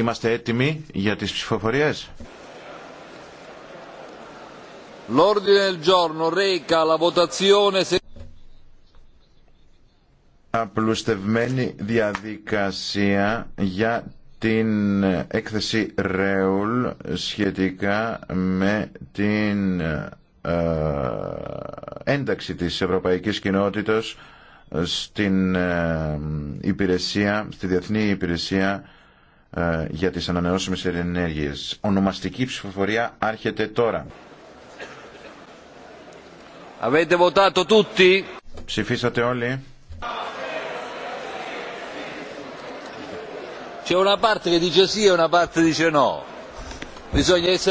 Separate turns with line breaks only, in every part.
Είμαστε έτοιμοι για τις ψηφοφορίες. Απλουστευμένη διαδικασία για την έκθεση Ρέουλ σχετικά με την ε, ένταξη της Ευρωπαϊκής Κοινότητας στην ε, υπηρεσία, στη Διεθνή Υπηρεσία ε, για τις ανανεώσιμες ενέργειες. Ονομαστική ψηφοφορία άρχεται τώρα.
Ψηφίσατε όλοι. C'è una parte che dice sì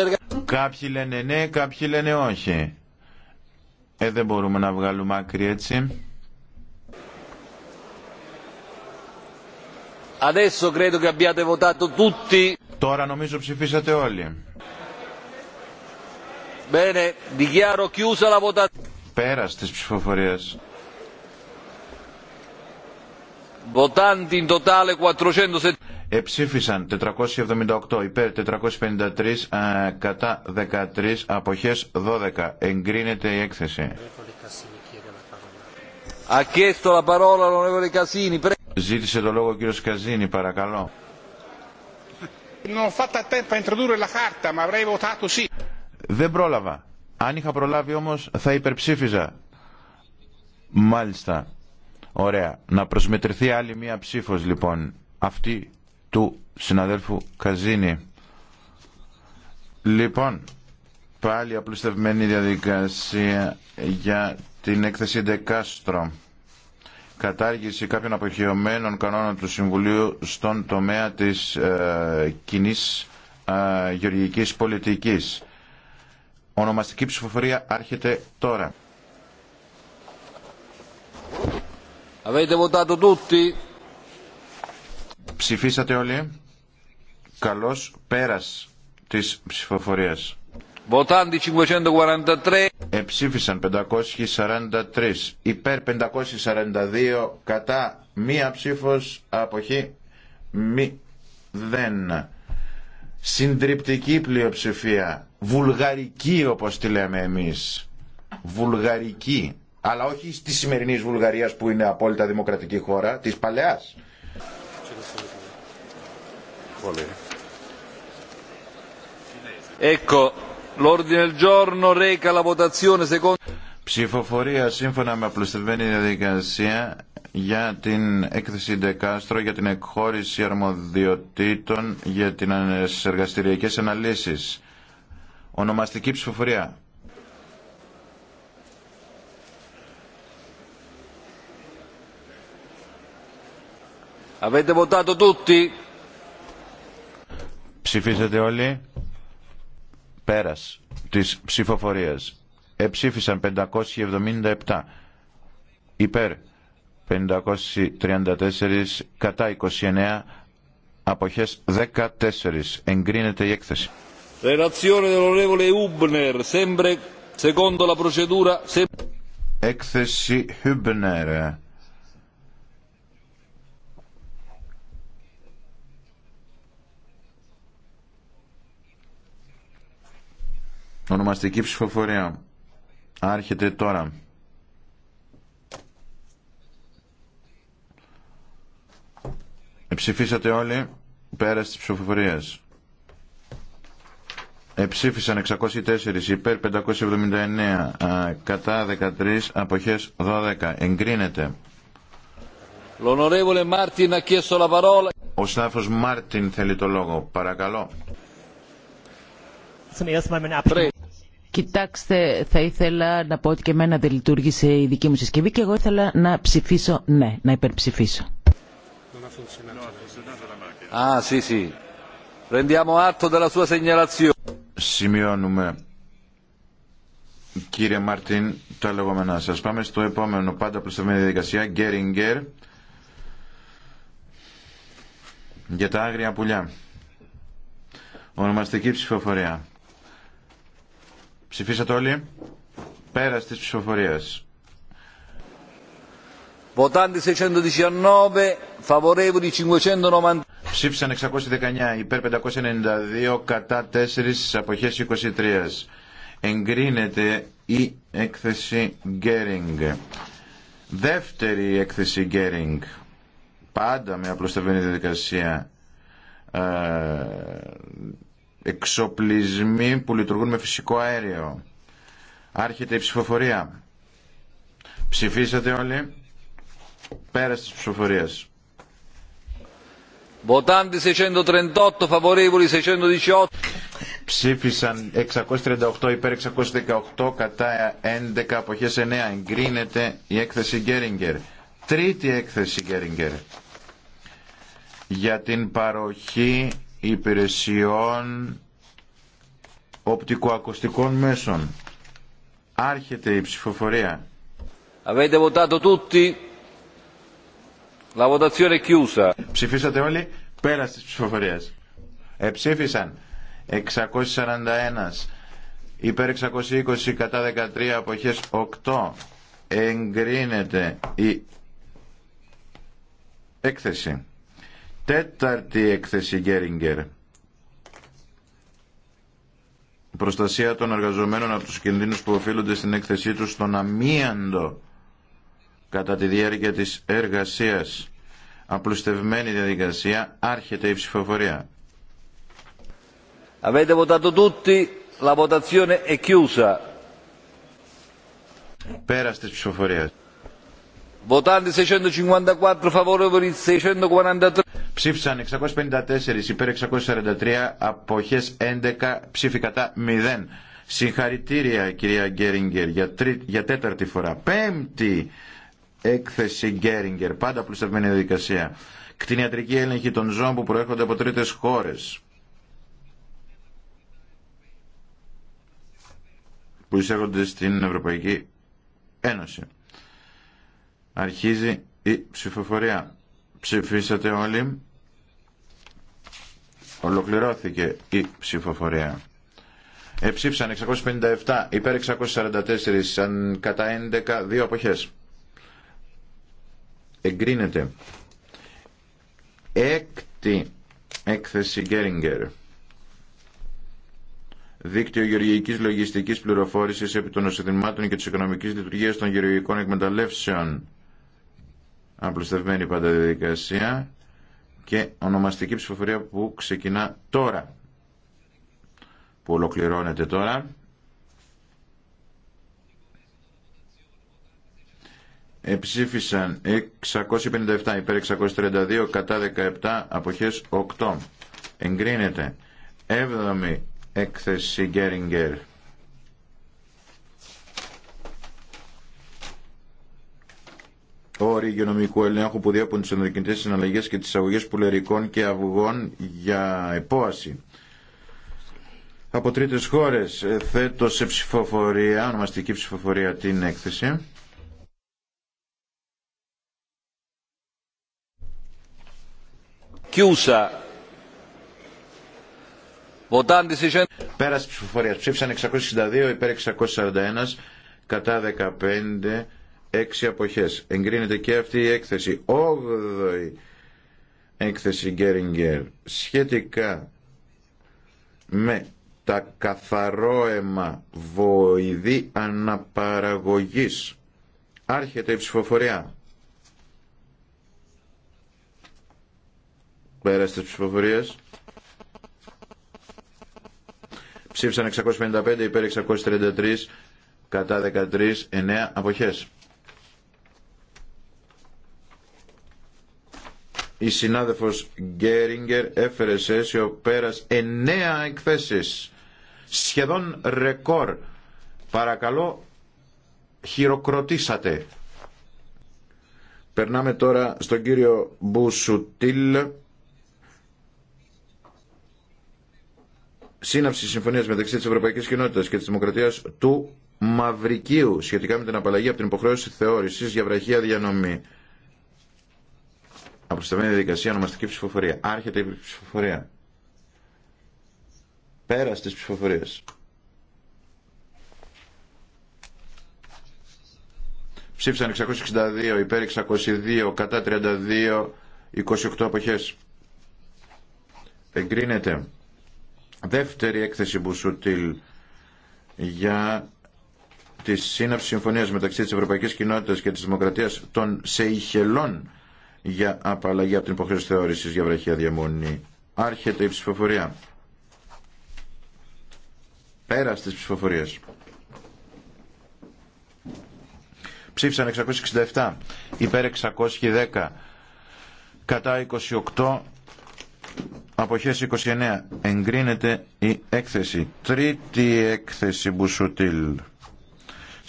e Κάποιοι λένε ναι, κάποιοι
λένε όχι. Ε, δεν μπορούμε να βγάλουμε άκρη έτσι.
Adesso credo che abbiate votato
tutti. Τώρα νομίζω ψηφίσατε όλοι.
Bene, dichiaro chiusa la votazione.
Πέρας της ψηφοφορίας. Votanti in totale 470. Εψήφισαν 478 υπέρ 453 kata κατά 13 αποχές 12. Εγκρίνεται η έκθεση. Ha chiesto la parola l'onorevole Casini. Ζήτησε το λόγο ο κύριος Καζίνη, παρακαλώ. Δεν πρόλαβα. Αν είχα προλάβει όμως θα υπερψήφιζα. Μάλιστα. Ωραία. Να προσμετρηθεί άλλη μία ψήφος λοιπόν. Αυτή του συναδέλφου Καζίνη. Λοιπόν, πάλι απλουστευμένη διαδικασία για την έκθεση Ντεκάστρο κατάργηση κάποιων αποχαιωμένων κανόνων του Συμβουλίου στον τομέα της ε, κοινή ε, γεωργικής πολιτικής. Ονομαστική ψηφοφορία άρχεται τώρα.
tutti?
Ψηφίσατε όλοι. Καλώς πέρας της ψηφοφορίας. Εψήφισαν 543. Υπέρ 542. Κατά μία ψήφος. Αποχή. Μη. Δεν. Συντριπτική πλειοψηφία. Βουλγαρική όπως τη λέμε εμείς. Βουλγαρική. Αλλά όχι στη σημερινή Βουλγαρία που είναι απόλυτα δημοκρατική χώρα. Της παλαιάς. Ecco, Ψηφοφορία σύμφωνα με απλουστευμένη διαδικασία για την έκθεση Δεκάστρο για την εκχώρηση αρμοδιοτήτων για τι εργαστηριακές αναλύσεις. Ονομαστική ψηφοφορία.
Avete votato tutti?
Ψηφίσατε όλοι. Πέρας της ψηφοφορίας. Εψήφισαν 577 υπέρ 534 κατά 29 αποχές 14. Εγκρίνεται η έκθεση. Έκθεση Hübner Ονομαστική ψηφοφορία. Άρχεται τώρα. Εψηφίσατε όλοι πέρα στις ψηφοφορίες. Εψήφισαν 604 υπέρ 579 κατά 13 αποχές 12. Εγκρίνεται. Ο Σάφος Μάρτιν θέλει το λόγο. Παρακαλώ.
Κοιτάξτε, θα ήθελα να πω ότι και εμένα δεν λειτουργήσε η δική μου συσκευή και εγώ ήθελα να ψηφίσω
ναι, να υπερψηφίσω. Α, Σημειώνουμε. Κύριε Μαρτίν, τα λεγόμενά σας. Πάμε στο επόμενο πάντα προσθεμένη διαδικασία, Γκέριγκερ, για τα άγρια πουλιά. Ονομαστική ψηφοφορία. Ψηφίσατε
όλοι. Πέρα τη ψηφοφορία. Votanti 619, favorevoli 590. Ψήφισαν 619,
υπέρ 592, κατά 4 αποχές 23. Εγκρίνεται η έκθεση Γκέρινγκ. Δεύτερη έκθεση Γκέρινγκ. Πάντα με απλωστευμένη διαδικασία. Ε, εξοπλισμοί που λειτουργούν με φυσικό αέριο. Άρχεται η ψηφοφορία. Ψηφίσατε όλοι.
Πέρα τη ψηφοφορία. 638, favorevoli 618.
Ψήφισαν 638 υπέρ 618 κατά 11 αποχές 9. Εγκρίνεται η έκθεση Γκέριγκερ. Τρίτη έκθεση Γκέριγκερ για την παροχή υπηρεσιών οπτικοακουστικών μέσων. Άρχεται η ψηφοφορία.
Avete votato tutti?
La votazione è chiusa. Ψηφίσατε όλοι πέρα τη ψηφοφορία. Εψήφισαν 641 υπέρ 620 κατά 13 αποχές 8 εγκρίνεται η έκθεση. Τέταρτη έκθεση Γκέριγκερ. Προστασία των εργαζομένων από τους κινδύνους που οφείλονται στην έκθεσή τους στον αμίαντο κατά τη διάρκεια της εργασίας. Απλουστευμένη διαδικασία, άρχεται η ψηφοφορία.
Avete votato Πέρα της ψηφοφορίας. Votanti
654 favorevoli 643. Ψήφισαν 654 υπέρ 643, αποχές 11, ψήφι κατά 0. Συγχαρητήρια κυρία Γκέριγκερ για, τρί, για τέταρτη φορά. Πέμπτη έκθεση Γκέριγκερ, πάντα πλουστευμένη διαδικασία. Κτηνιατρική έλεγχη των ζώων που προέρχονται από τρίτες χώρες. που εισέρχονται στην Ευρωπαϊκή Ένωση. Αρχίζει η ψηφοφορία. Ψηφίσατε όλοι. Ολοκληρώθηκε η ψηφοφορία. Εψήφισαν 657, υπέρ 644, σαν κατά 11, δύο αποχές. Εγκρίνεται. Έκτη έκθεση Γκέριγκερ. Δίκτυο γεωργικής λογιστικής πληροφόρησης επί των και της οικονομικής λειτουργίας των γεωργικών εκμεταλλεύσεων απλουστευμένη πάντα διαδικασία και ονομαστική ψηφοφορία που ξεκινά τώρα που ολοκληρώνεται τώρα εψήφισαν 657 υπέρ 632 κατά 17 αποχές 8 εγκρίνεται 7η έκθεση Γκέριγκερ όροι υγειονομικού ελέγχου που διέπουν τις ενδοκινητές συναλλαγές και τις εισαγωγές πουλερικών και αυγών για επόαση. Από τρίτες χώρες ε, θέτω σε ψηφοφορία, ονομαστική ψηφοφορία την έκθεση. Κιούσα. Πέρασε ψηφοφορία. Ψήφισαν 662 υπέρ 641 κατά 15 Έξι αποχές. Εγκρίνεται και αυτή η έκθεση. Όγδοη έκθεση Γκέριγκερ σχετικά με τα καθαρόαιμα βοηδή αναπαραγωγής. Άρχεται η ψηφοφορία. Πέρασε τις ψηφοφορίες. Ψήφισαν 655 υπέρ 633 κατά 13 9 αποχές. η συνάδελφος Γκέριγκερ έφερε σε αίσιο πέρας εννέα εκθέσεις, σχεδόν ρεκόρ. Παρακαλώ, χειροκροτήσατε. Περνάμε τώρα στον κύριο Μπουσουτήλ. Σύναψη συμφωνίας μεταξύ της Ευρωπαϊκής Κοινότητας και της Δημοκρατίας του Μαυρικίου σχετικά με την απαλλαγή από την υποχρέωση θεώρησης για βραχία διανομή. Αποσταμένη διαδικασία, ονομαστική ψηφοφορία. Άρχεται η ψηφοφορία. Πέρα τη ψηφοφορίες. Ψήφισαν 662 υπέρ 602 κατά 32 28 αποχές. Εγκρίνεται. Δεύτερη έκθεση Μπουσούτιλ για τη σύναψη συμφωνίας μεταξύ της Ευρωπαϊκής Κοινότητας και της Δημοκρατίας των Σεϊχελών για απαλλαγή από την υποχρέωση θεώρηση για βραχία διαμονή. Άρχεται η ψηφοφορία. Πέρα στις ψηφοφορίες. Ψήφισαν 667, υπέρ 610, κατά 28, αποχές 29. Εγκρίνεται η έκθεση. Τρίτη έκθεση Μπουσουτήλ.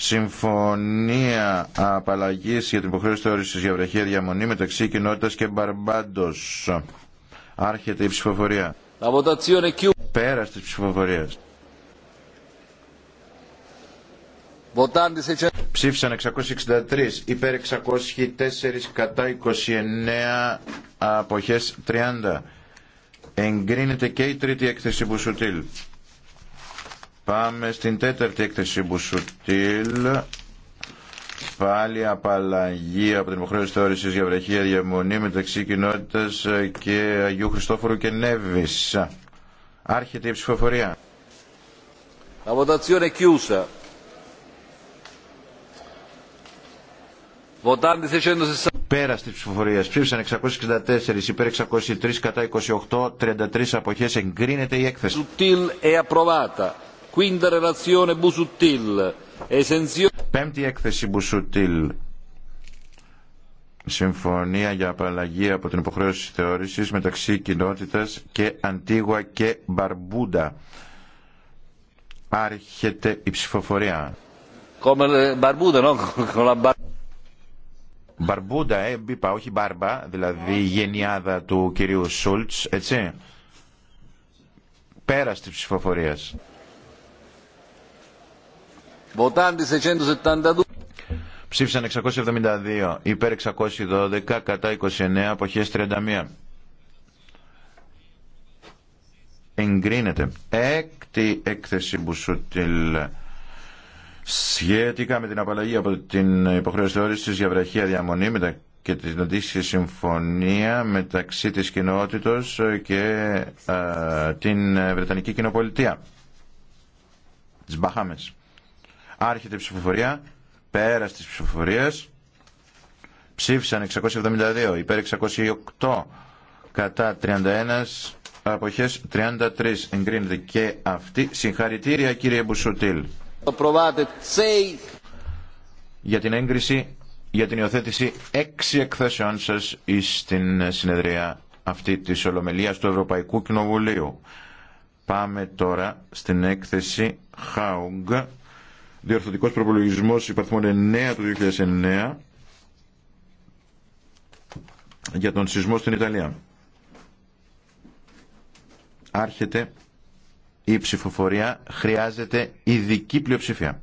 Συμφωνία απαλλαγή για την υποχρέωση θεώρηση για βραχία διαμονή μεταξύ κοινότητα και Μπαρμπάντο. Άρχεται η ψηφοφορία. Πέρα τη ψηφοφορία. Ψήφισαν 663 υπέρ 604 κατά 29 αποχές 30. Εγκρίνεται και η τρίτη έκθεση Μπουσουτήλ. Πάμε στην τέταρτη έκθεση Μπουσουτήλ. Πάλι απαλλαγή από την υποχρέωση θεώρηση για βραχία διαμονή μεταξύ κοινότητα και Αγίου Χριστόφορου και Νέβη.
Άρχεται η ψηφοφορία. La votazione è chiusa. Votanti 660.
Πέρα τη ψηφοφορία ψήφισαν 664 υπέρ 603 κατά 28, 33 αποχέ.
Εγκρίνεται η έκθεση. Σουτήλ e approvata. Πέμπτη έκθεση
Μπουσουτήλ. Συμφωνία για απαλλαγή από την υποχρέωση θεώρησης μεταξύ κοινότητας και Αντίγουα και Μπαρμπούντα. Άρχεται η ψηφοφορία. Μπαρμπούντα, ε, είπα, όχι Μπάρμπα, δηλαδή η γενιάδα του κυρίου Σούλτς, έτσι. Πέρα της ψηφοφορίας. Ψήφισαν 672, υπέρ 612, κατά 29, αποχές 31. Εγκρίνεται. Έκτη έκθεση Μπουσούτιλ σχετικά με την απαλλαγή από την υποχρέωση θεώρησης για βραχία διαμονή και την αντίστοιχη συμφωνία μεταξύ της κοινότητος και α, την Βρετανική Κοινοπολιτεία. Τις Μπαχάμες. Άρχεται η ψηφοφορία. Πέρα τη ψηφοφορία. Ψήφισαν 672 υπέρ 608 κατά 31 αποχές 33 εγκρίνεται και αυτή. Συγχαρητήρια κύριε Μπουσουτήλ. Για την έγκριση, για την υιοθέτηση έξι εκθέσεών σας στην συνεδρία αυτή της Ολομελίας του Ευρωπαϊκού Κοινοβουλίου. Πάμε τώρα στην έκθεση Χάουγκ διορθωτικός προπολογισμός υπαρθμών 9 του 2009 για τον σεισμό στην Ιταλία. Άρχεται η ψηφοφορία, χρειάζεται ειδική πλειοψηφία.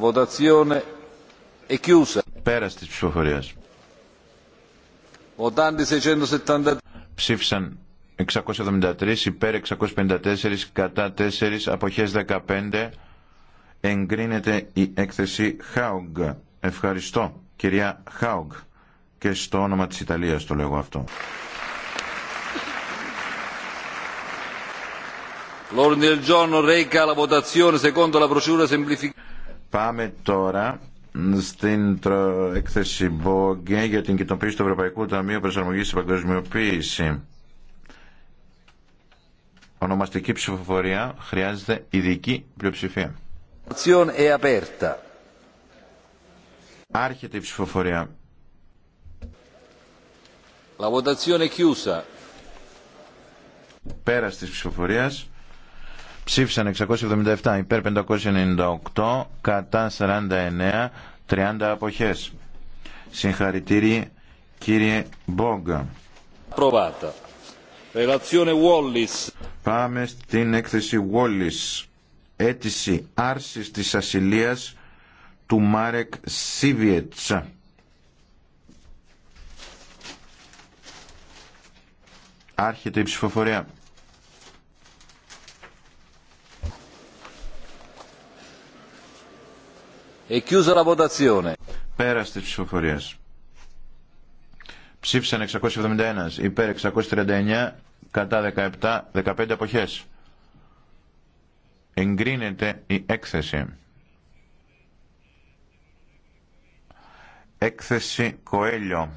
Votazione è chiusa. Πέρα
Votanti
ψηφοφορία.
Ψήφισαν 673 υπέρ 654 κατά 4 αποχές 15 εγκρίνεται η έκθεση Χάουγκ. Ευχαριστώ κυρία Χάουγκ και στο όνομα της Ιταλίας το λέγω αυτό. Πάμε τώρα στην έκθεση Μπόγκε για την κοινοποίηση του Ευρωπαϊκού Ταμείου Προσαρμογής στην Παγκοσμιοποίησης. Ονομαστική ψηφοφορία χρειάζεται ειδική πλειοψηφία. Άρχεται η ψηφοφορία.
La votazione
chiusa. Πέρα τη ψηφοφορία. Ψήφισαν 677 υπέρ 598 κατά 49 30 αποχές. Συγχαρητήρια κύριε Μπόγκα.
Προβάτα.
Πάμε στην έκθεση Wallis. Αίτηση άρσης της ασυλίας του Μάρεκ Σίβιετσα.
Άρχεται η ψηφοφορία. E chiusa la votazione.
ψηφοφορία. Ψήφισαν 671 υπέρ 639 κατά 17, 15 εποχές. Εγκρίνεται η έκθεση. Έκθεση Κοέλιο.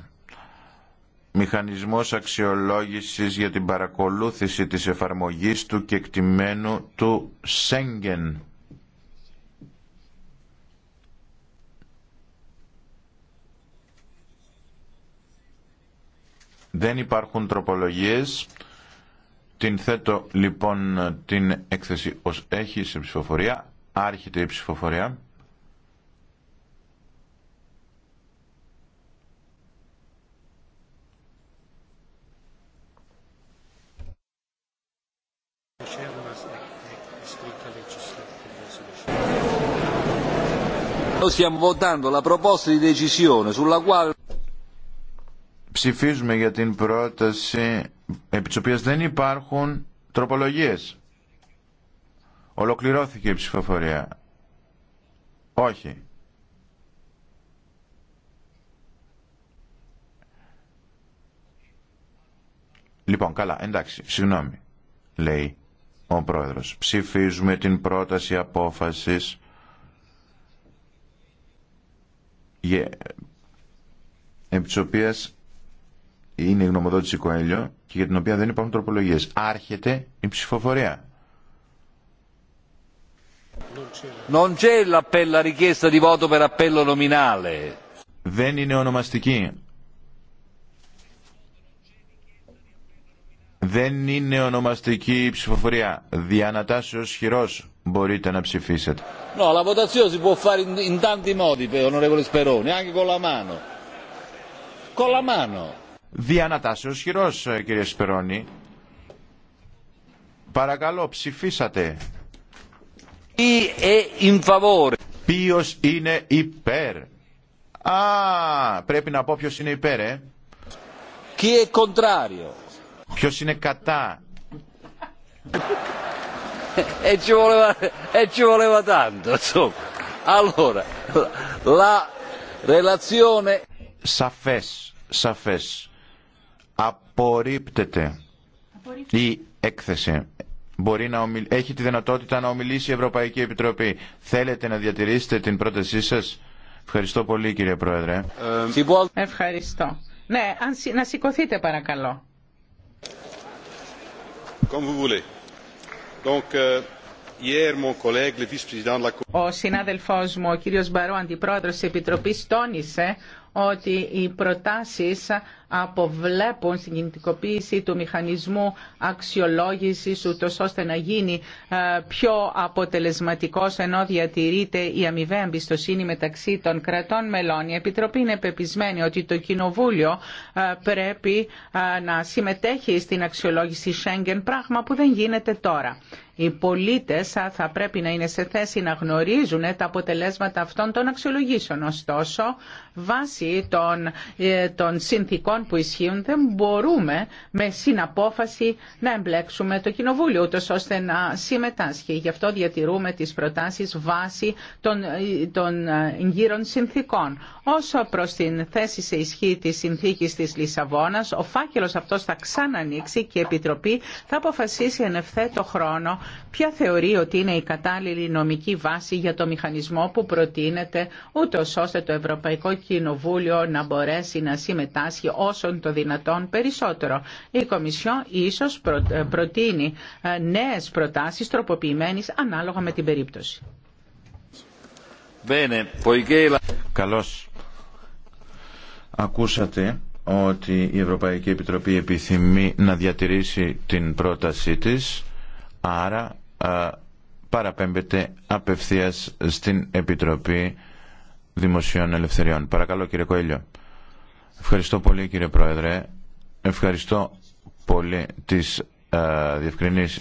Μηχανισμός αξιολόγησης για την παρακολούθηση της εφαρμογής του κεκτημένου του Σέγγεν. Δεν υπάρχουν τροπολογίες. Την θέτω λοιπόν την έκθεση ως έχει σε ψηφοφορία. Άρχεται η ψηφοφορία.
Stiamo votando la proposta di decisione sulla quale
ψηφίζουμε για την πρόταση επί της οποίας δεν υπάρχουν τροπολογίες. Ολοκληρώθηκε η ψηφοφορία. Όχι. Λοιπόν, καλά, εντάξει, συγγνώμη, λέει ο πρόεδρος. Ψηφίζουμε την πρόταση απόφασης yeah, επί είναι η γνωμοδότηση Κοέλιο και για την οποία δεν υπάρχουν τροπολογίες. Άρχεται η ψηφοφορία. Δεν είναι ονομαστική. Δεν είναι ονομαστική η ψηφοφορία. Διανατάσσεω χειρό μπορείτε να ψηφίσετε.
No, διανατάσεως χειρός
ε, κύριε Σπερώνη. Παρακαλώ ψηφίσατε. Ε ποιος είναι υπέρ. Α, πρέπει να πω ποιος είναι υπέρ, ε.
Ποιος είναι κατά. Έτσι ε, voleva, voleva tanto, Allora, la
relazione... Σαφές, σαφές απορρίπτεται η έκθεση. Μπορεί να Έχει τη δυνατότητα να ομιλήσει η Ευρωπαϊκή Επιτροπή. Θέλετε να διατηρήσετε την πρότασή σας. Ευχαριστώ πολύ κύριε Πρόεδρε.
Ευχαριστώ. Ναι, αν... να σηκωθείτε παρακαλώ. Ο συνάδελφός μου, ο κύριος Μπαρό, αντιπρόεδρος της Επιτροπής, τόνισε ότι οι προτάσεις αποβλέπουν στην κινητικοποίηση του μηχανισμού αξιολόγησης ούτως ώστε να γίνει ε, πιο αποτελεσματικός ενώ διατηρείται η αμοιβαία εμπιστοσύνη μεταξύ των κρατών μελών. Η Επιτροπή είναι πεπισμένη ότι το Κοινοβούλιο ε, πρέπει ε, να συμμετέχει στην αξιολόγηση Schengen, πράγμα που δεν γίνεται τώρα. Οι πολίτες θα πρέπει να είναι σε θέση να γνωρίζουν τα αποτελέσματα αυτών των αξιολογήσεων. Ωστόσο, βάσει των, των που ισχύουν δεν μπορούμε με συναπόφαση να εμπλέξουμε το Κοινοβούλιο ούτως ώστε να συμμετάσχει. Γι' αυτό διατηρούμε τις προτάσεις βάσει των, των γύρων συνθήκων. Όσο προς την θέση σε ισχύ της συνθήκης της Λισαβόνας, ο φάκελος αυτός θα ξανανοίξει και η Επιτροπή θα αποφασίσει εν ευθέτω χρόνο ποια θεωρεί ότι είναι η κατάλληλη νομική βάση για το μηχανισμό που προτείνεται ούτως ώστε το Ευρωπαϊκό Κοινοβούλιο να μπορέσει να συμμετάσχει όσο το δυνατόν περισσότερο. Η Κομισιόν ίσως ε, προτείνει ε, νέες προτάσεις τροποποιημένες ανάλογα με την περίπτωση.
Καλώς.
Ακούσατε ότι η Ευρωπαϊκή Επιτροπή επιθυμεί να διατηρήσει την πρότασή της, άρα ε, παραπέμπεται απευθείας στην Επιτροπή Δημοσίων Ελευθεριών. Παρακαλώ κύριε Κοέλιο. Ευχαριστώ πολύ κύριε Πρόεδρε. Ευχαριστώ πολύ τις, ε,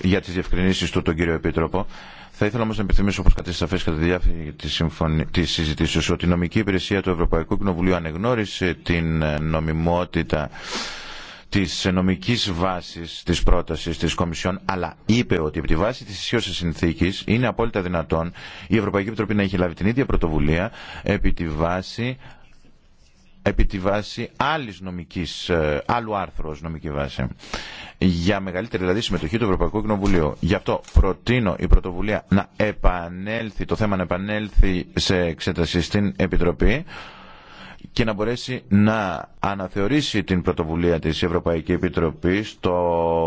για τις διευκρινήσεις του τον κύριο Επίτροπο. Θα ήθελα όμω να επιθυμήσω, όπω κατέστησα σαφέ κατά τη διάρκεια τη συμφωνη... ότι η νομική υπηρεσία του Ευρωπαϊκού Κοινοβουλίου ανεγνώρισε την νομιμότητα τη νομική βάση τη πρόταση τη Κομισιόν, αλλά είπε ότι από τη βάση τη ισχύωση συνθήκη είναι απόλυτα δυνατόν η Ευρωπαϊκή Επιτροπή να έχει λάβει την ίδια πρωτοβουλία επί τη βάση επί τη βάση άλλης νομικής, ε, άλλου άρθρου ως νομική βάση. Για μεγαλύτερη δηλαδή συμμετοχή του Ευρωπαϊκού Κοινοβουλίου. Γι' αυτό προτείνω η πρωτοβουλία να επανέλθει, το θέμα να επανέλθει σε εξέταση στην Επιτροπή και να μπορέσει να αναθεωρήσει την πρωτοβουλία της Ευρωπαϊκής Επιτροπής. Το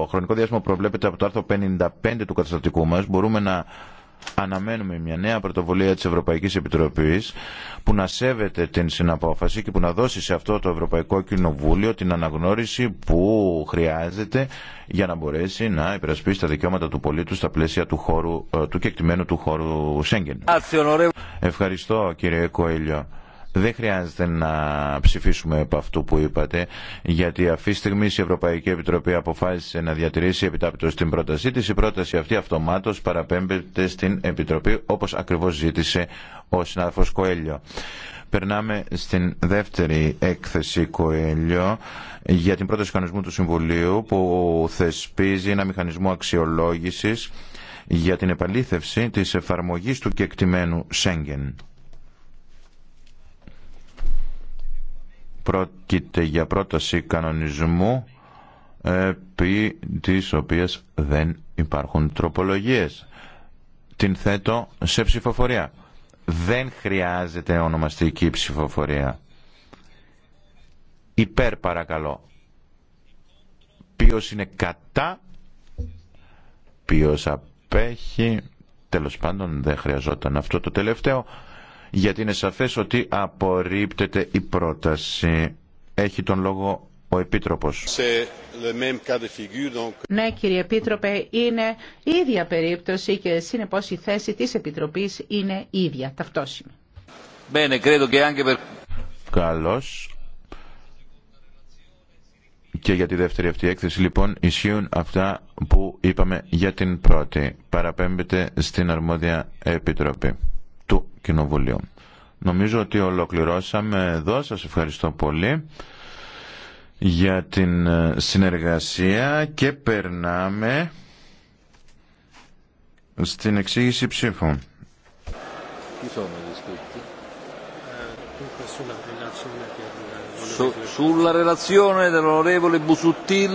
χρονικό διάστημα προβλέπεται από το άρθρο 55 του καταστατικού μας μπορούμε να αναμένουμε μια νέα πρωτοβουλία της Ευρωπαϊκής Επιτροπής που να σέβεται την συναπόφαση και που να δώσει σε αυτό το Ευρωπαϊκό Κοινοβούλιο την αναγνώριση που χρειάζεται για να μπορέσει να υπερασπίσει τα δικαιώματα του πολίτου στα πλαίσια του, χώρου, ε, του κεκτημένου του χώρου Σέγγεν. Ευχαριστώ κύριε Κοέλιο. Δεν χρειάζεται να ψηφίσουμε από αυτού που είπατε, γιατί αυτή τη στιγμή η Ευρωπαϊκή Επιτροπή αποφάσισε να διατηρήσει επιτάπητο την πρότασή τη. Η πρόταση αυτή αυτομάτω παραπέμπεται στην Επιτροπή, όπω ακριβώ ζήτησε ο συνάδελφο Κοέλιο. Περνάμε στην δεύτερη έκθεση Κοέλιο για την πρόταση κανονισμού του Συμβουλίου που θεσπίζει ένα μηχανισμό αξιολόγησης για την επαλήθευση της εφαρμογής του κεκτημένου Σέγγεν. Πρόκειται για πρόταση κανονισμού επί της οποίας δεν υπάρχουν τροπολογίες. Την θέτω σε ψηφοφορία. Δεν χρειάζεται ονομαστική ψηφοφορία. Υπέρ παρακαλώ. Ποιος είναι κατά, ποιος απέχει, τέλος πάντων δεν χρειαζόταν αυτό το τελευταίο γιατί είναι σαφές ότι απορρίπτεται η πρόταση. Έχει τον λόγο ο Επίτροπος.
Ναι κύριε Επίτροπε, είναι ίδια περίπτωση και συνεπώς η θέση της Επιτροπής είναι ίδια, ταυτόσιμη.
Bene,
Καλώς. Και για τη δεύτερη αυτή έκθεση λοιπόν ισχύουν αυτά που είπαμε για την πρώτη. Παραπέμπεται στην αρμόδια Επιτροπή. Κοινοβουλίου. Νομίζω ότι ολοκληρώσαμε εδώ. Σας ευχαριστώ πολύ για την ε, συνεργασία και περνάμε στην εξήγηση ψήφων.
Sulla relazione dell'onorevole Busuttil